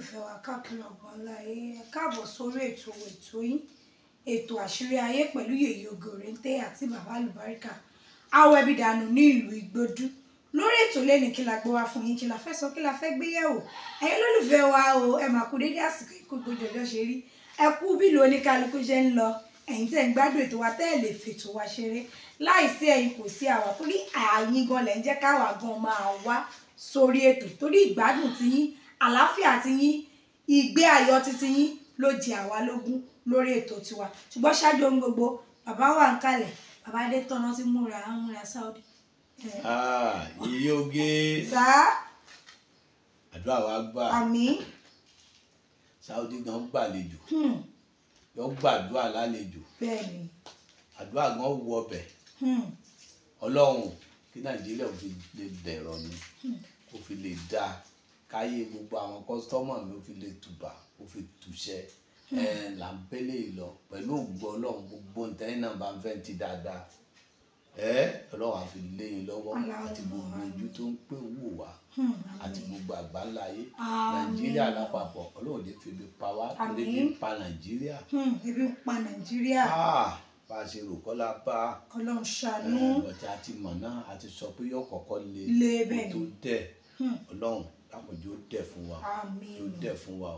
olólùfẹ́ wa káàkiri ọ̀gbọ́nlá ayé ẹ káàbọ̀ sórí ètò ètò yín ètò àṣírí ayé pẹ̀lú yèyé ògòrèǹté àti bàbá àlùbáríkà awọ ẹbí dànù ní ìlú igbódú lórí ètò lẹ́ni kí la gbé wá fún yín kí la fẹ́ sọ kí la fẹ́ gbé yẹ̀wò ẹ̀yin olólùfẹ́ wa o ẹ máa kú dédé àsìkò ikú gbójú ọjọ́ ṣe rí ẹ kú bí ìlú oníkálukú ṣe ń lọ ẹ̀yin tẹ̀ ń gbádùn ètò wa tẹ́ ẹ̀ lè fètò wa ṣeré láìsí ẹ̀yin kò sí àwa torí àyín gan ń jẹ́ káwa gan máa wá sórí ètò torí ìgbádùn ti yín àlàáfíà ti yín ìgbé ayọ̀ titi yín ló jẹ àwa lógún lórí ètò tiwa ṣùgbọ́n ṣáájú ohun gbogbo bàbá wa ń kalẹ̀ bàbá Adétọ́nà ti múra ń múra Saudi. Ah, iye oge àdúrà wa gbà àmín Saudi gan gbàlejò hmm. yọ gbàdúrà lálejò àdúrà gan wọ ọbẹ hmm. Ọlọ́run kí Nàìjíríà ò fi lè dẹ̀rọ̀ ni kò hmm. fi lè dáa káyé gbogbo àwọn kọ́sítọ́mọ̀ mi ó fi lè tùbà ó fi tùṣẹ́ là ń pélé lọ pẹ̀lú ògbó ọlọ́run gbogbo ntẹ́yìn náà bá ń fẹ́ ti dáadáa ọlọ́run àfi léyìn lọ́wọ́ àti gbogbo ojú tó ń pè wò wá hmm, àti gbogbo àgbáńlá ayé nàìjíríà lápapọ̀ ọlọ́run lè fi ibi pa wá torí ibi ń pa nàìjíríà. Hmm, ibi ń pa nàìjíríà. bá a ṣe rò kọ́lá bá a. ọlọ́run ṣàánú. ọ̀tí àti mọ̀nà àti sọ pé yóò kọ́kọ́ lé. lé bẹ́ẹ̀ ni tó tẹ̀ hmm. ọlọ́run dákun yóò dẹ̀ fún wa yóò dẹ̀ fún wa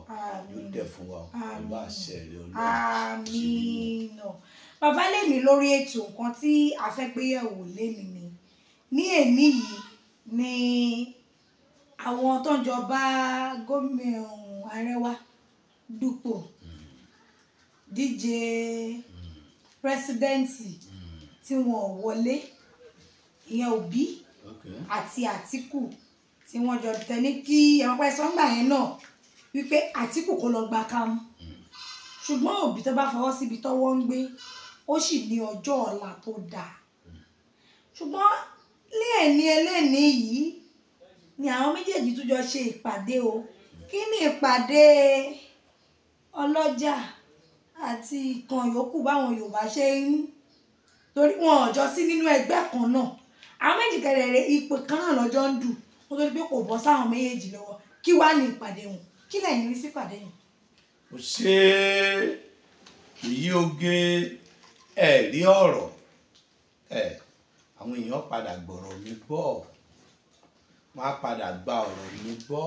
yóò dẹ̀ fún wa pẹ̀lú àṣẹ rẹ ọlọ́run. bàbá lèmi lórí ètò nǹkan tí a fẹ́ gbé yẹ̀wò lèmi ni ní èmi yìí ni àwọn tó ń jọba gómìnà um, Arewa dupò hmm. díje hmm. pírẹsidẹ́ǹtì hmm. tí wọ́n wọlé ìyẹn Obi àti Àtíkù. Okay tí wọ́n jọ tẹ ní kí ẹ̀rọ̀pá ìsọ̀ngbà yẹn náà wípé Àtíkù kó lọ gba kámú ṣùgbọ́n òbí tó bá fọwọ́ síbi tọ́wọ́ ń gbé ó sì ní ọjọ́ ọ̀la tó dáa ṣùgbọ́n lẹ́ẹ̀ni ẹlẹ́ni yìí ni àwọn méjèèjì tó jọ ṣe ìpàdé o kí ni ìpàdé ọlọ́jà àti ìkan yòókù báwọn Yorùbá ṣe ń torí wọn ò sí nínú ẹgbẹ́ kan náà àwọn méjì kẹrẹ̀rẹ̀ ipò kan náà lọ́jọ́ ń dùn kó tó di pé kò bọ́ sáwọn méjèèjì lọ́wọ́ kí wàá ní ìpàdé wọn kí lẹ́yìn rí sí ìpàdé yẹn. kò ṣe èyí oge ẹ̀rí ọ̀rọ̀ ẹ̀ àwọn èèyàn padà gbọ́rọ̀ mi gbọ́ wọ́n á padà gba ọ̀rọ̀ mi gbọ́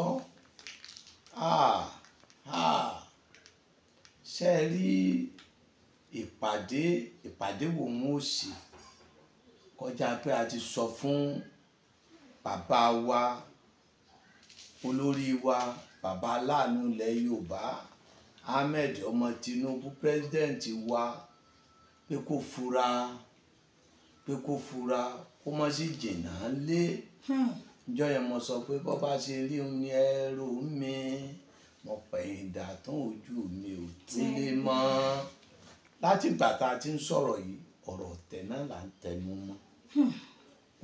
ṣe é rí ìpàdé ìpàdé wo mo sì kọjá pé a ti sọ fún. So bàbá wa olórí wa bàbá aláàánú ilẹ̀ yorùbá ahmed ọmọ tinubu president wa pé kó fura pé kó fura kó má sì jìnnà lé ìjọ hmm. yẹn mo sọ pé bọ́bá ṣe rí òun ni ẹrù mi mo pẹ̀yìn dà tán ojú mi ò tí lè mọ́ láti ìgbà tá a ti ń sọ̀rọ̀ yìí ọ̀rọ̀ ọ̀tẹ̀ náà là ń tẹnu mọ́. Hmm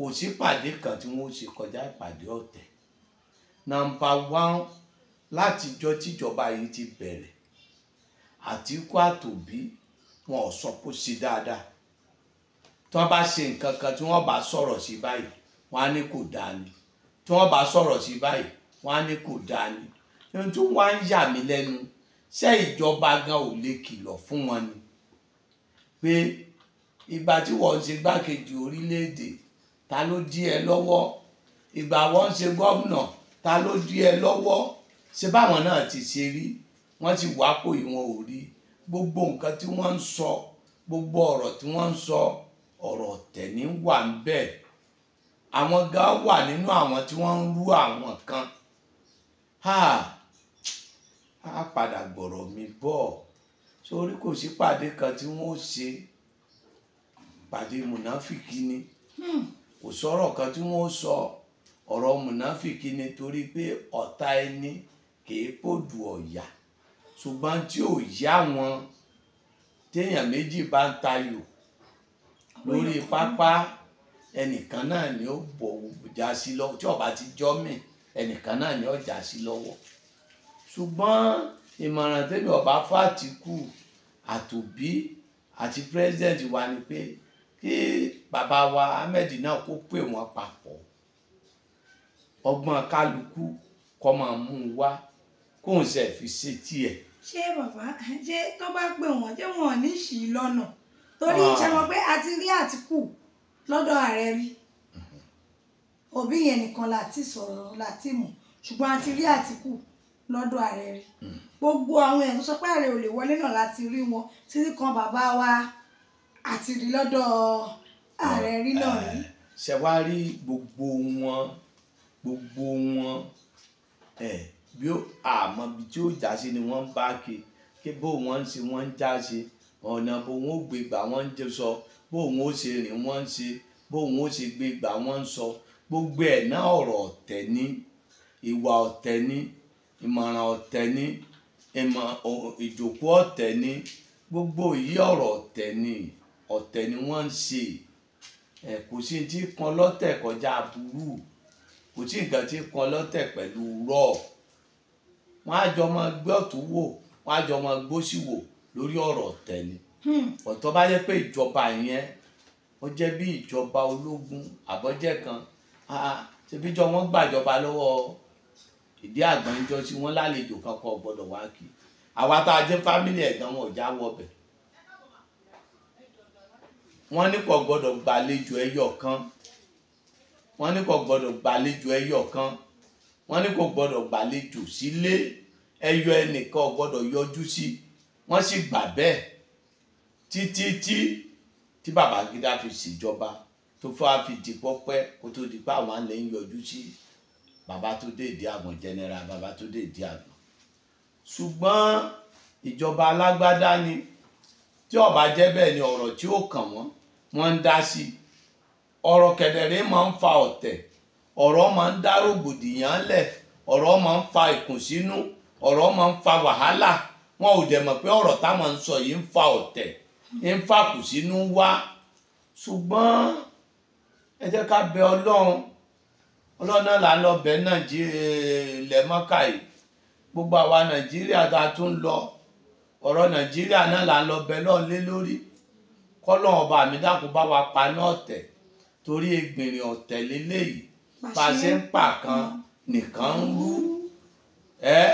kò sí pàdé kan tí wọ́n ṣe kọjá ìpàdé ọ̀tẹ̀ nàmbà wán látijọ́ tíjọba yìí ti bẹ̀rẹ̀ Àtíkú àtòbí wọn ò sọ kó ṣe dáadáa tí wọ́n bá ṣe nǹkan kan tí wọ́n bá sọ̀rọ̀ sí báyìí wọ́n á ní kò dáa ni tí wọ́n bá sọ̀rọ̀ sí báyìí wọ́n á ní kò dáa ni ohun tí wọ́n á ń yà mí lẹ́nu ṣé ìjọba gan ò lè kìlọ̀ fún wọn ni pé ìgbà tí wọ́n ṣe gbákejì orílẹ̀ ta ló dí ẹ lọ́wọ́ ìgbà wọ́n ń ṣe gómìnà ta ló dí ẹ lọ́wọ́ ṣe báwọn náà ti ṣe rí wọ́n ti wá pò ìwọ̀n ò rí gbogbo nǹkan tí wọ́n ń sọ gbogbo ọ̀rọ̀ tí wọ́n ń sọ ọ̀rọ̀ tẹ̀ní wà ń bẹ̀ àwọn gan wà nínú àwọn tí wọ́n ń rú àwọn kan á padà gbọ̀rọ̀ mi bọ̀ sórí kò sí pàdé kan tí wọ́n ó ṣe pàdé mùnáfìkì ni. Hmm kò sọ̀rọ̀ kan tí wọ́n sọ ọ̀rọ̀ mùnáfìkì ni torí pé ọ̀tá ẹni kìí pòdù ọ̀yà ṣùgbọ́n tí ò yá wọn téèyàn méjì bá ń tayò lórí pápá ẹnìkan náà ni ó bọ̀ já sí lọ́wọ́ tí ọba ti jọ́ mì ẹnìkan náà ni ó já sí lọ́wọ́ ṣùgbọ́n ìmọ̀ràn tẹ́lẹ̀ ọba fún àtìkù àtòbí àti pírẹ́sidẹ̀ntì wa ni pé kí bàbá wa Ahmed náà kó pè wọ́n papọ̀ ọgbọ́n kálukú kọ́ máa mú un wá kóun ṣe fi ṣe tiẹ̀. ṣé bàbá ṣé tó bá pè wọ́n ṣé wọn ò ní ṣì í lọ́nà torí ah. ṣe mọ̀ pé a ti rí Àtìkù lọ́dọ̀ ààrẹ rí òbí yẹn nìkan láti sọ̀rọ̀ láti mọ̀ ṣùgbọ́n a ti rí Àtìkù lọ́dọ̀ ààrẹ rí hmm. gbogbo àwọn ẹ̀ tó sọ pé ààrẹ ò lè wọlé náà láti rí wọn títí kan bàbá wa àti rí lọ́dọ̀ ààrẹ rí náà rí. ṣe wá rí gbogbo wọn gbogbo wọn ẹ bí ó àmọ́ bí tí ó já sí ni wọ́n ń bá ké ké bó wọ́n ń ṣe wọ́n ń já sí ọ̀nà bó wọ́n ó gbé gbà wọ́n ń jẹ sọ bó wọ́n ó ṣe rìn wọ́n ń ṣe bó wọ́n ó ṣe gbé gbà wọ́n ń sọ gbogbo ẹ̀ náà ọ̀rọ̀ ọ̀tẹ̀ ní ìwà ọ̀tẹ̀ ní ìmọ̀ràn ọ̀tẹ̀ ní ìmọ̀ ìjòkó ọ̀tẹ̀ ní gbogbo yìí ọ̀rọ̀ ọ̀tẹ̀ ní ọ̀tẹ̀ ni wọ́n ń ṣe ẹ̀ kò sí ti kan lọ́tẹ̀ kọjá burú kò sí nǹkan ti kan lọ́tẹ̀ pẹ̀lú rọ̀ wọ́n á jọ máa gbé ọ̀tún wò wọ́n á jọ máa gbósì wò lórí ọ̀rọ̀ ọ̀tẹ̀ ni ọ̀tọ́ hmm. bá yẹ pé ìjọba yẹn ó jẹ́ bí ìjọba ológun àbọ̀jẹ̀ kan ṣebíjọ wọ́n gbàjọba lọ́wọ́ ìdí àgbọ̀njọ́ tí wọ́n lálejò kankan gbọ́dọ̀ wá kí àwa tá a jẹ́ fámìlì ẹ̀gán wọn ò já wọ bẹ̀ wọ́n ní kò gbọ́dọ̀ gbàlejò ẹyọ kan wọ́n ní kò gbọ́dọ̀ gbàlejò ẹyọ kan wọ́n ní kò gbọ́dọ̀ gbàlejò sílé ẹyọ ẹnìkan gbọ́dọ̀ yọjú sí wọ́n sì gbà bẹ́ẹ̀ títí tí tí Babangida fi ṣèjọba tó fẹ́ fi di pọ́pẹ́ kó tó di pé àwọn àlẹ́ ń yọjú sí Babátúndé Ìdíàgbọ̀n general Babátúndé Ìdíàgbọ̀n ṣùgbọ́n ìjọba alágbádá ni tí ó bá jẹ́ ni ọ̀rọ̀ tí ó kàn wọ́n wọ́n ọrọ dá ma ń fa ọ̀tẹ̀ ọ̀rọ̀ ma ń dá rògbòdìyàn lẹ ọ̀rọ̀ ma ń fa ìkùnsínú ọ̀rọ̀ ma ń fa wàhálà wọn ò dẹ̀ mọ̀ pé ọ̀rọ̀ táwọn ń sọ yìí ń fa ọ̀tẹ̀ ń fa wá ẹ ká bẹ náà là ń lọ bẹ nàìjíríà gbogbo àwa nàìjíríà tá a tún lọ ọ̀rọ̀ nàìjíríà náà là ń lọ bẹ kọ́lọ́n ọba mi dákun bá wa paná ọ̀tẹ̀ torí egbìnrin ọ̀tẹ̀ lélẹ́yìí bá a ṣe ń pa kan nìkan ń rú ẹ́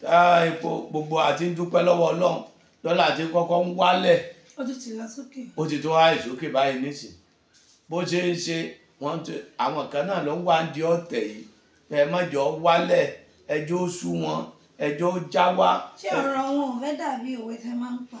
tá epo gbogbo àti ń dúpẹ́ lọ́wọ́ ọlọ́run dọ́là àti kọ́kọ́ ń wálẹ̀ ó ti ti lọ sókè ó ti tó háì sókè báyìí nísìn bó ṣe ń ṣe wọ́n ti àwọn kan náà ló ń wá di ọ̀tẹ̀ yìí ẹ mọ̀jọ́ wálẹ̀ ẹjọ́ sú wọn ẹjọ́ já wá. ṣé ọ̀rọ̀ wọn ò fẹ́ dàbí òwe tẹ́ máa ń pa.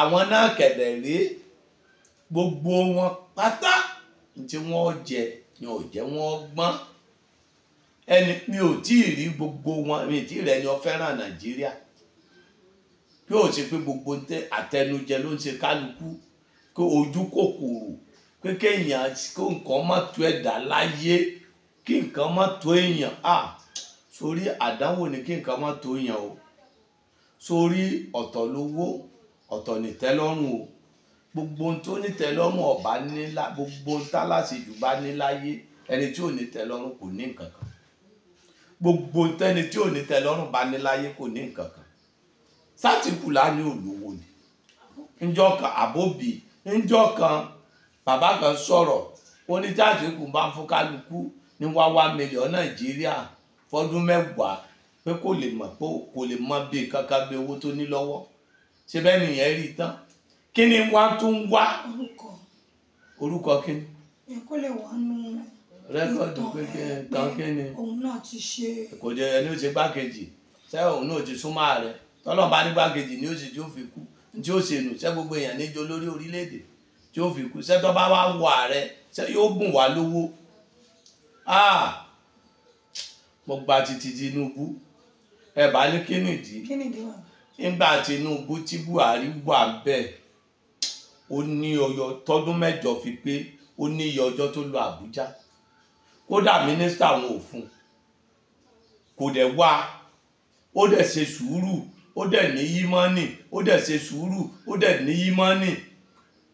àwọn náà kẹ̀dẹ̀ rí gbogbo wọn pátá tí wọ́n jẹ ni ò wọn gbọ́n ẹni mi ò tí ì rí gbogbo wọn mi tí rẹ ni ọ fẹ́ràn nàìjíríà o ṣe pé gbogbo àtẹnujẹ ló ń ṣe kálukú ojú kòkòrò pé kéèyàn kó nǹkan má tó ẹ̀dá láyé kí nǹkan o sórí ọ̀tọ̀ ọ̀tọ̀ nìtẹ́lọ́rùn o gbogbo ohun tó nìtẹ́lọ́rùn ọ̀bá nílá gbogbo ohun tálàsejù bá níláyé ẹni tí ò nìtẹ́lọ́rùn kò ní nǹkan kan gbogbo ohun tẹ́ni tí ò nìtẹ́lọ́rùn bá níláyé kò ní nǹkan kan sátìkùlá ní olówó ni njọ́ kan àbóbì njọ́ kan bàbá kan sọ̀rọ̀ ó ní sátìkù bá ń fún kálukú ní wá wá mílíọ̀n nàìjíríà fọdún mẹ́wàá pé kò lè mọ̀ pé kò lè mọ bí kankan bí owó tó ní lọ́wọ́ ṣe bẹ́ẹ̀ nìyẹn rí tán kí ni wá tún wá orúkọ kí ni. ẹ kó lè wà nù rẹ́kọ̀dù pé tán kí ni òun náà ti ṣe. kò jẹ ẹni ó ṣe gbákejì ṣé òun náà ti súnmọ́ ààrẹ tọ́lọ́ bá ní gbákejì ni ó sì tí ó fi kú tí ó ṣe nù ṣé gbogbo èèyàn níjó lórí orílẹ̀-èdè tí ó fi kú ṣé tó bá wá wọ ààrẹ ṣé yóò gùn wá lówó ah! mo gba titi Tinubu ẹ bá ní kí nìdí. kí nìdí wà nígbà Tinubu tí Buhari wà bẹ́ẹ̀ ó ní ọyọ tọdún mẹ́jọ fi pé ó ní iye ọjọ́ tó lọ Àbújá kódà mínísítà wọn ò fún kò dẹ̀ wá ó dẹ̀ ṣe sùúrù ó dẹ̀ ní yímọ́nì ó dẹ̀ ṣe sùúrù ó dẹ̀ ní yímọ́nì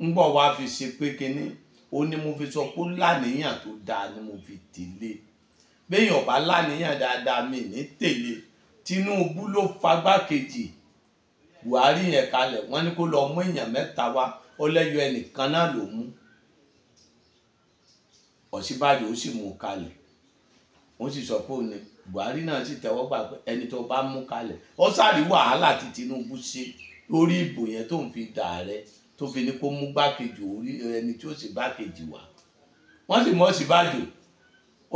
ń bọ̀ wá fi ṣe pé kínní ó ní mo fi sọ pé láníyàn tó dáa ni mo fi tẹ̀lé béèyàn bá láníyàn dáadáa mi ní tẹ̀lé Tinubu ló fagbá kejì buhari yẹn kalẹ̀ wọ́n ní kó lọ mú èèyàn mẹ́ta wá ó lẹ́yọ ẹnìkan náà ló mú ọ̀sibàjò ó sì mú un kalẹ̀ ó sì sọ pé òní buhari náà sì tẹ́wọ́ gbà pé ẹni tó bá mú kalẹ̀ ó sàrí wàhálà tí tinubu ṣe lórí ìbò yẹn tó ń fi dà rẹ tó fi ní kó mú gbákejì orí ẹni tí ó sì gbákejì wá wọ́n sì mú ọ̀sibàjò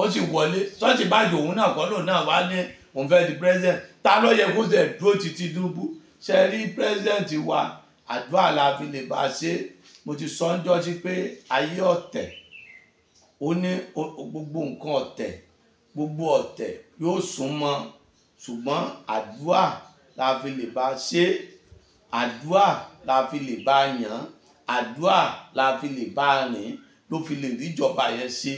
ó sì wọlé sọ́sibàjò òun náà kọ́ lòun náà wá ní òun fẹ́ di president ta ló yẹ kó tẹ̀ dúró ti tinubu ṣe rí president wa àdúrà la fi lè bá a ṣe mo ti sọ ń jọ́sí pé ayé ọ̀tẹ̀ ó ní gbogbo nǹkan ọ̀tẹ̀ gbogbo ọ̀tẹ̀ yóò sún mọ́ ṣùgbọ́n àdúrà la fi lè bá a ṣe àdúrà la fi lè bá a yàn àdúrà la fi lè bá a rìn ló fi lè ríjọba yẹn ṣe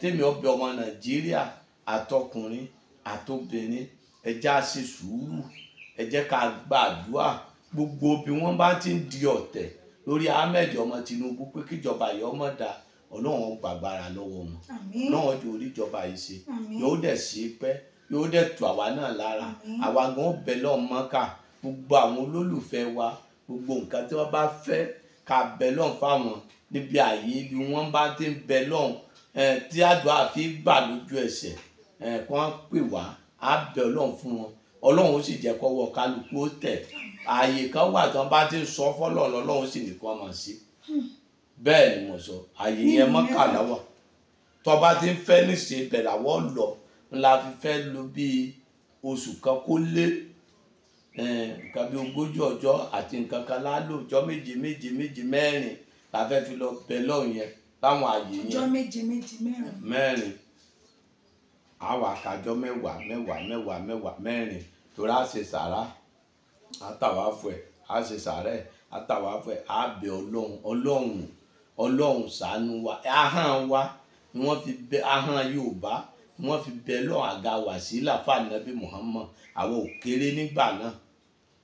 tèmi ọbẹ ọmọ nàìjíríà àtọkùnrin àtobìnrin ẹja ṣe sùúrù ẹ jẹ́ ká gbàdúrà gbogbo bí wọ́n bá ti ń di ọ̀tẹ̀ lórí Ahmed ọmọ Tinubu pé kíjọba yìí ọmọ dáa ọlọ́run gbàgbára lọ́wọ́ wọn lọ́wọ́ ju oríjọba yìí ṣe yóò dẹ̀ ṣe pẹ́ yóò dẹ̀ tù àwa náà lára àwa gan bẹ lọ́ọ̀ mọ́kà gbogbo àwọn olólùfẹ́ wa gbogbo nǹkan tí wọ́n bá fẹ́ ká bẹ lọ́ọ̀ fáwọn níbi ààyè ibi wọ́n bá ti ń bẹ lọ́ọ̀ tí àdúrà fi gbà lójú ẹsẹ̀ kí wọ́n pè wá á bẹ ọlọ́run fún wọn ọlọ́run sì jẹ́ kọ́wọ́ kálukú tẹ̀ ààyè kan wà tán bá ti sọ fọlọ́run ọlọ́run sì nìkan mọ̀ sí bẹ́ẹ̀ ni mo sọ ààyè yẹn mọ́kànlá wà tọba ti ń fẹ́ níṣẹ́ bẹ̀rẹ̀ àwọ̀ lọ ńlá fi fẹ́ lò bíi oṣù kan kó lé nǹkan bíi ogójì ọjọ́ àti nǹkan kan lálò ọjọ́ méje méje méje mẹ́rin la fẹ́ fi lọ bẹ̀ lọ́hùn yẹn láwọn ààyè yẹn ọjọ́ méje méje mẹ́rin á wà kájọ mẹ́wàá mẹ́wàá mẹ́wàá mẹ́wàá torí á ṣe sàrà àtàwà fún ẹ ṣe sàrà ẹ àtàwà fún ẹ bẹ ọlọ́run ọlọ́run ọlọ́run ṣàánú wa ahọ́n wa ni wọ́n fi bẹ ahọ́n Yorùbá ni wọ́n fi bẹ lọ́ọ̀ àga wàsílà fànàbí Muhammad àwọn òkèrè nígbà náà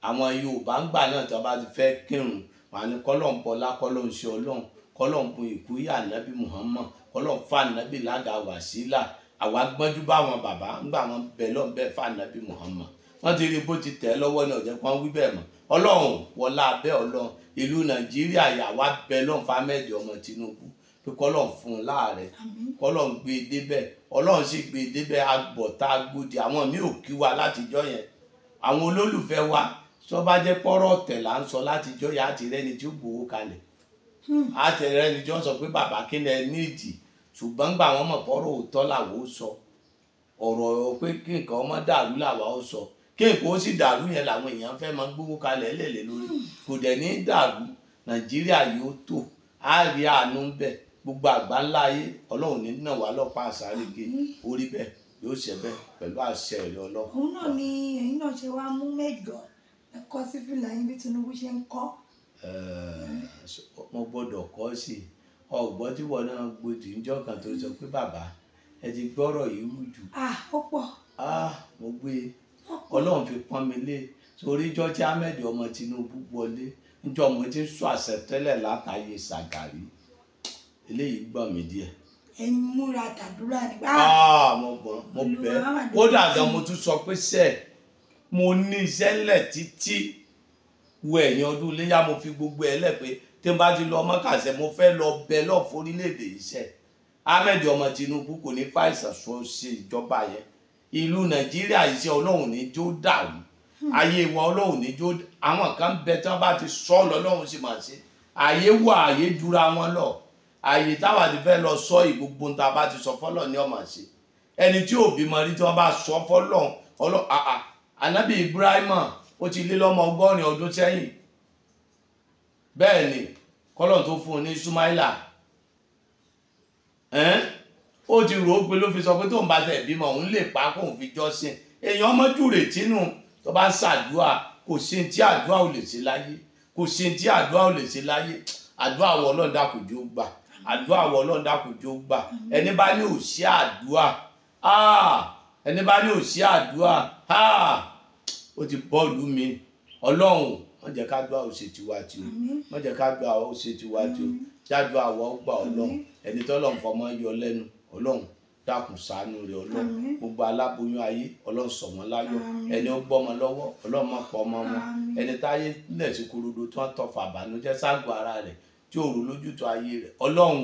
àwọn Yorùbá ń gbà náà tó bá ti fẹ́ kírun wọn á ní bọlá kọ́lọ́n ṣe ọlọ́run kọ́lọ́n bu ìkúyà nàbí Muhammad kọ́lọ́n fànàbí lága wàsílà àwa gbọ́njú bá wọn bàbá ńgbà wọn bẹ̀ lọ́n bẹ́ẹ̀ fànàbí Muhammad wọ́n ti rí bó ti tẹ̀ lọ́wọ́ náà jẹ́ kó wọ́n wí bẹ́ẹ̀ mọ́ ọlọ́run wọlá abẹ́ ọlọ́run ìlú nàìjíríà yàwá bẹ lọ́n fámẹ́ẹ̀dì ọmọ Tinubu pé kọ́lọ́n fún un láàrẹ kọ́lọ́n gbé e débẹ̀ ọlọ́run sì gbé e débẹ̀ agbọ̀ta agbódì àwọn míì ò kí wa látijọ́ yẹn àwọn olólùfẹ́ wa sọ bá jẹ́ là ń sọ látijọ́ yẹn àti rẹ́ni tí ó gbowó kalẹ̀ àti hmm. rẹ́ni tí wọ́n sọ pé bàbá kí ni ẹ ní ìdí ṣùgbọ́n gba wọ́n mọ̀ pọ́rọ̀ òótọ́ làwọn ó sọ ọ̀rọ̀ pé kí nǹkan ọmọ dàrú làwọn ó sọ kí nǹkan ó sì dàrú yẹn làwọn èèyàn fẹ́ máa gbówó kalẹ̀ lélẹ̀ lórí kò dẹ̀ ní dàrú nàìjíríà yóò gbogbo ńlá ayé ọlọ́run ní náà wà orí bẹ́ẹ̀ yóò bẹ́ẹ̀ pẹ̀lú àṣẹ náà ni ẹ̀yin náà ṣe wá mú mẹ́jọ ọ̀gbọ́n tí wọn náà gbòdì níjọ́ kan tó sọ pé bàbá ẹ ti gbọ́rọ̀ yìí rú jù. ah ó pọ̀. ah mo gbé e ọlọ́run fi pọ́n mi lé torí ìjọ tí ahmed ọmọ tinubu wọlé níjọ́ mo ti ń sọ àṣetẹ́lẹ̀ látàyè ṣàgàrí eléyìí gbọ́n mi díẹ̀ ẹni múra tàdúrà nígbà. Ah! Ah, mo gbọ́n mo bẹ́ kódà gan mo tún sọ pé sẹ́ẹ̀ mo ní iṣẹ́ ńlẹ̀ títí wo ẹ̀yìn ọdún iléyà mo fi gbogbo ẹ̀ lẹ̀ tí n bá ti lọ ọmọ kàṣẹ mo fẹ́ lọ bẹ lọ forílẹ̀-èdè iṣẹ́ Ahmed ọmọ Tinubu kò ní fàìsàn sọ ṣe ìjọba yẹn ìlú Nàìjíríà iṣẹ́ Ọlọ́run ní jó dàrú hmm. ayé wa Ọlọ́run ní jó àwọn kan bẹ tí wọ́n bá ti sọ ọ lọ́lọ́run sì máa ṣe ayé wà ayé dúra wọn lọ ayé táwa ti fẹ́ lọ sọ ìgbógun tá a bá ti sọ fọ́lọ̀ ní ọmọ ṣe ẹni tí ò bímọ rí tí wọ́n bá sọ fọ́lọ̀ ọlọ́ ànábì Ibrahima ó ti lé lọ́mọ ọgọ́rin ọdún sẹ́yìn bẹ́ẹ̀ ni kọ́lọ̀ tó fún un ní Sumaila ó ti rò ó pé ló fi sọ pé tóun bá tẹ̀ bímọ òun lè pa kóun fi jọ́sìn èèyàn mọ́jú rètí nù tó bá ń ṣàdúrà kò sí ti àdúrà ò lè ṣe láyé kò sí ti àdúrà ò lè ṣe láyé àdúrà wọ ọlọ́dà kò jó gbà àdúrà wọ ọlọ́dà kò jó gbà ẹni bá ní ò sí àdúrà ah! ẹni bá ní ò sí àdúrà ah! ó ti bọ́ọ̀lù mi ọlọ́run má jẹ́ ká dúà òṣè tiwa ti o má jẹ́ ká dúà òṣè tiwa ti o jájú àwọ̀ gbà ọlọ́run ẹni tọ́lọ́run fọmọ yọ lẹ́nu ọlọ́run dákun ṣàánú rẹ̀ ọlọ́run gbogbo aláboyún ayé ọlọ́run sọ wọ́n láyọ̀ ẹni ó gbọ́mọ lọ́wọ́ ọlọ́run má pọ̀ ọmọ wọn ẹni táyé nílẹ̀ sí korodo tí wọ́n tọfà àbànújẹ́ ságọ́ ara rẹ̀ tí òru lójútó ayé rẹ̀ ọlọ́run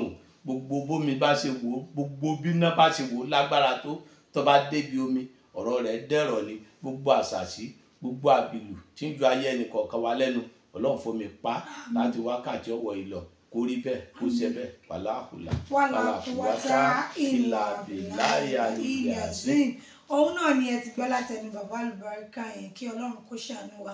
gbogbo bómi bá ṣe wò gbogbo bíná bá ṣe wò lágbára tó tó bá débi omi ọ̀rọ̀ rẹ̀ dẹ̀rọ̀ ni gbogbo àṣàṣì gbogbo àbìlù tí ń ju ayé ẹnì kọ̀ọ̀kan wa lẹ́nu ọlọ́run fomi pa láti wákàtí ọwọ́ ìlọ kó rí bẹ́ẹ̀ kó ṣe bẹ́ẹ̀ wàláhùlà wàláhùwàtà ìlà bìláyà ìyàsìn. òun náà ni ẹ ti gbọ́ látẹnu bàbá àlùbáríkà yẹn kí ọlọ́run kó ṣàánú wa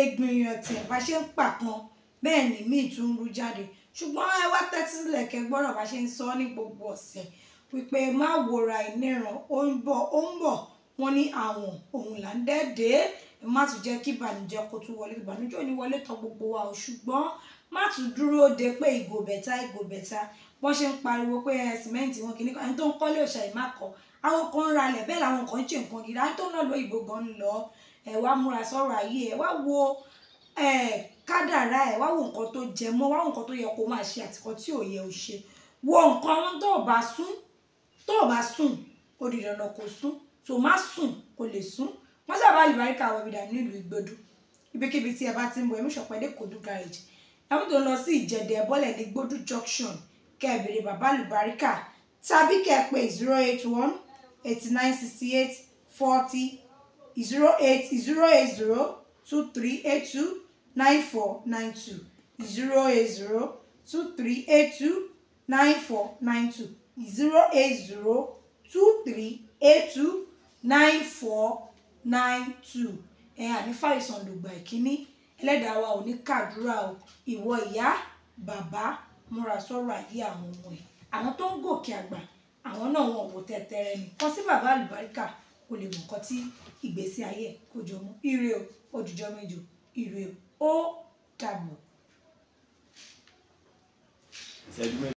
egbìyàn tẹ̀ bá ṣe ń pàpọn bẹ́ẹ̀ ni míì tún ń rú jáde ṣùgbọ́n ẹ wá tẹ́tí sílẹ̀ kẹ́ gbọ́dọ̀ bá ṣe ń sọ ní gbogbo ọ̀sẹ̀ wípé má wòra ìníran ó ń bọ̀ ó ń bọ̀ wọ́n ní àwọn òun là ń dẹ́ẹ̀dẹ́ má tún jẹ́ kí ìbànújẹ́ kó tún wọlé ìbànújẹ́ ò ní wọlé tọ̀ gbogbo wa o ṣùgbọ́n má tún dúró de pé ìgò bẹ̀ta ìgò bẹ̀ta bọ́n ṣe ń pariwo pé ẹ sìmẹ́ǹtì wọn kìíní kan ẹni tó ń kọ́lé òṣà ìmá kọ àwọn kan ń ralẹ̀ bẹ́ẹ̀ làwọn kan ń ṣe nǹkan gidi àwọn tó ń lọ lọ ìbò gan ń lọ ẹ wá múra sọ̀rọ̀ ayé ẹ wá wo ẹ kádàrá ẹ wá wo nǹkan tó jẹ mọ́ wá wo nǹkan tó yẹ kó máa ṣe àtìkọ́ tí ò yẹ ò ṣe wo nǹkan tó o bá sún tó o bá sùn ó di dandan sún tó o má sùn kó lè sùn wọ́n sábà àlùbáríkà àwọn ibi dànù nílùú igbódú ibikíbi tí ẹ bá ti ń bọ̀ ẹ̀mí ṣọ̀pẹ́ dé kòdú garage ẹ̀mú tó ń lọ sí ìjẹ̀dẹ̀ ẹ̀bọ́lẹ̀ ní gbódú junction kẹ́ ẹ béèrè bàbá àlùbáríkà tàbí kẹ́ zero eight one eighty nine sixty eight forty zero eight zero eight zero two three eight two nine four nine two zero eight zero two three eight two nine four nine two zero eight zero two three eight two nine four nine two ẹ ànífà ìsànlùgbà ìkíní ẹlẹ́dàá wa ò ní kàdúrà o ìwọ ìyá bàbá múra sọ́rọ̀ ayé àwọn ọmọ ẹ̀ àwọn tó ń gòkè àgbà àwọn náà wọn wò tẹ́tẹ́rẹ́ ni kọ́ sí bàbá àlùbáríkà kò lè mọ̀ nǹkan tí ìgbésí ayé kò jọ mú ire o ó dìjọ́ mẹ́jọ ire o ó dàbọ̀.